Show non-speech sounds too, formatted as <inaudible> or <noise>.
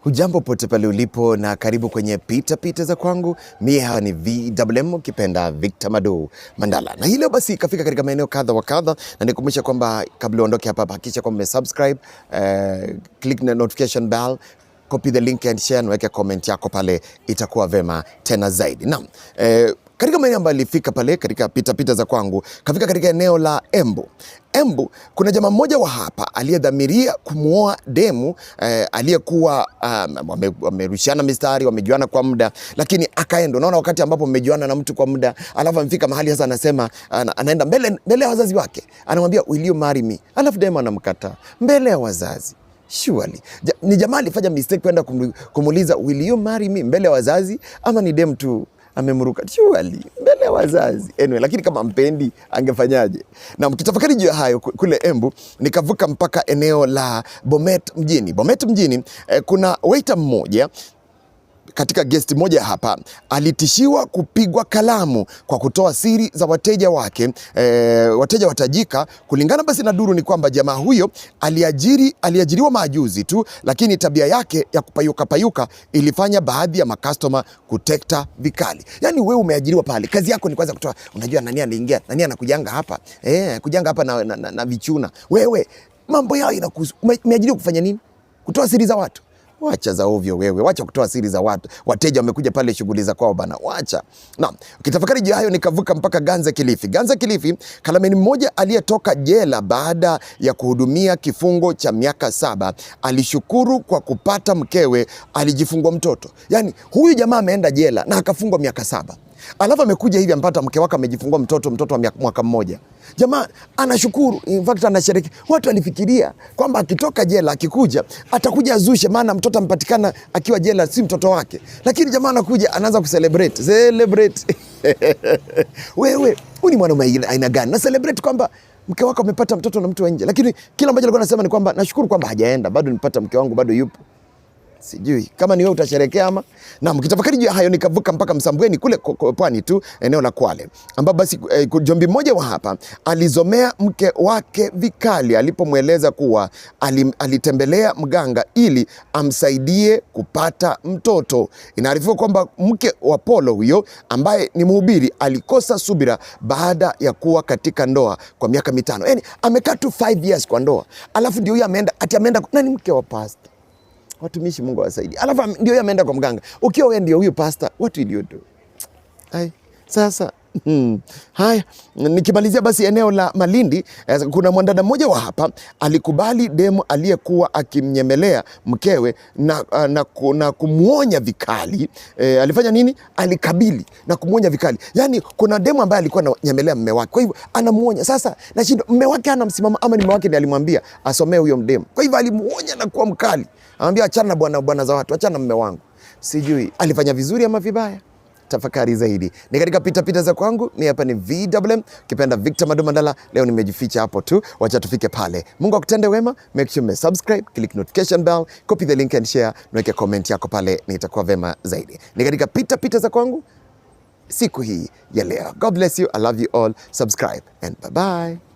Hujambo pote pale ulipo na karibu kwenye pita pita za kwangu. Mie hawa ni VMM ukipenda Victor Mado Mandala, na hii leo basi ikafika katika maeneo kadha wa kadha, na nikukumbusha kwamba kabla uondoke hapa, hakikisha kwamba umesubscribe, uh, click na notification bell Copy the link and share, naweke comment yako pale, itakuwa vema tena zaidi. Naam, eh, katika maeneo ambayo nilifika pale katika pita pita za kwangu, kafika katika eneo la Embu. Embu kuna jamaa mmoja wa hapa aliyedhamiria kumuoa demu eh, aliyekuwa um, wamerushiana wame mistari, wamejuana kwa muda, lakini akaenda. Unaona, wakati ambapo mmejuana na mtu kwa muda, alafu amefika mahali sasa, anasema anaenda mbele mbele ya wazazi wake, anamwambia will you marry me, alafu demu anamkataa mbele ya wazazi. Surely ja, ni jamaa alifanya mistake kwenda kumuuliza will you marry me mbele ya wazazi, ama ni demu tu amemruka surely mbele ya wazazi anyway, lakini kama mpendi angefanyaje? Na mkitafakari juu ya hayo, kule Embu nikavuka mpaka eneo la Bomet mjini. Bomet mjini eh, kuna waiter mmoja katika gesti moja hapa alitishiwa kupigwa kalamu kwa kutoa siri za wateja wake, e, wateja watajika. Kulingana basi na duru ni kwamba jamaa huyo aliajiri, aliajiriwa majuzi tu, lakini tabia yake ya kupayuka payuka ilifanya baadhi ya makastoma kutekta vikali. Yani wewe umeajiriwa pale, kazi yako ni kwanza kutoa, unajua nani anaingia nani anakujanga hapa eh, kujanga hapa na, na, na, na vichuna. Wewe mambo yao inakuhusu, umeajiriwa kufanya nini? Kutoa siri za watu. Wacha za ovyo wewe, wacha kutoa siri za watu. Wateja wamekuja pale, shughuli za kwao bana, wacha. Na ukitafakari juu hayo, nikavuka mpaka Ganza Kilifi. Ganza Kilifi, kalameni mmoja aliyetoka jela baada ya kuhudumia kifungo cha miaka saba alishukuru kwa kupata mkewe, alijifungua mtoto. Yani huyu jamaa ameenda jela na akafungwa miaka saba alafu amekuja hivi ampata mke wake amejifungua mtoto, mtoto wa mwaka mmoja. Jamaa anashukuru, in fact anashiriki. Watu walifikiria kwamba akitoka jela akikuja atakuja azushe, maana mtoto ampatikana akiwa jela si mtoto wake, lakini jamaa anakuja anaanza kucelebrate celebrate. <laughs> Wewe huyu ni mwanaume aina gani? na celebrate kwamba mke wako amepata mtoto na mtu wa nje, lakini kila ambacho alikuwa anasema ni kwamba nashukuru kwamba hajaenda bado, nipata mke wangu bado yupo sijui kama ni wewe utasherekea ama na mkitafakari juu hayo, nikavuka mpaka Msambweni kule pwani tu eneo la Kwale, ambapo basi eh, jombi mmoja wa hapa alizomea mke wake vikali alipomweleza kuwa alim, alitembelea mganga ili amsaidie kupata mtoto. Inaarifiwa kwamba mke wa Polo huyo ambaye ni mhubiri alikosa subira baada ya kuwa katika ndoa kwa miaka mitano, yani amekaa tu 5 years kwa ndoa, alafu ndio huyo ameenda ati ameenda nani, mke wa pastor Watumishi Mungu awasaidie. Alafu ndio yeye ameenda kwa mganga. Ukiwa wewe ndio huyu pastor, what will you do? Ai, sasa Hmm. Haya, nikimalizia basi eneo la Malindi eh, kuna mwandada mmoja wa hapa alikubali demu aliyekuwa akimnyemelea mkewe na, eh, na, na kumwonya vikali eh, alifanya nini? Alikabili na kumwonya vikali. Yaani kuna demu ambaye alikuwa ananyemelea mme wake, kwa hivyo anamuonya. Sasa nashinda mme wake ana msimama ama ni mme wake ndiye alimwambia asomee huyo mdemu, kwa hivyo alimuonya na kuwa mkali, anamwambia achana bwana bwana za watu, achana mme wangu. Sijui alifanya vizuri ama vibaya tafakari zaidi. Ni katika pitapita za kwangu, ni hapa ni VMM, kipenda Victor Madu Mandala. Leo nimejificha hapo tu, wacha tufike pale. Mungu akutende wema, make sure subscribe, click notification bell, copy the link and share, niweke comment yako pale, nitakuwa vema zaidi. Ni katika pitapita za kwangu siku hii ya leo. God bless you, I love you all, subscribe and bye bye.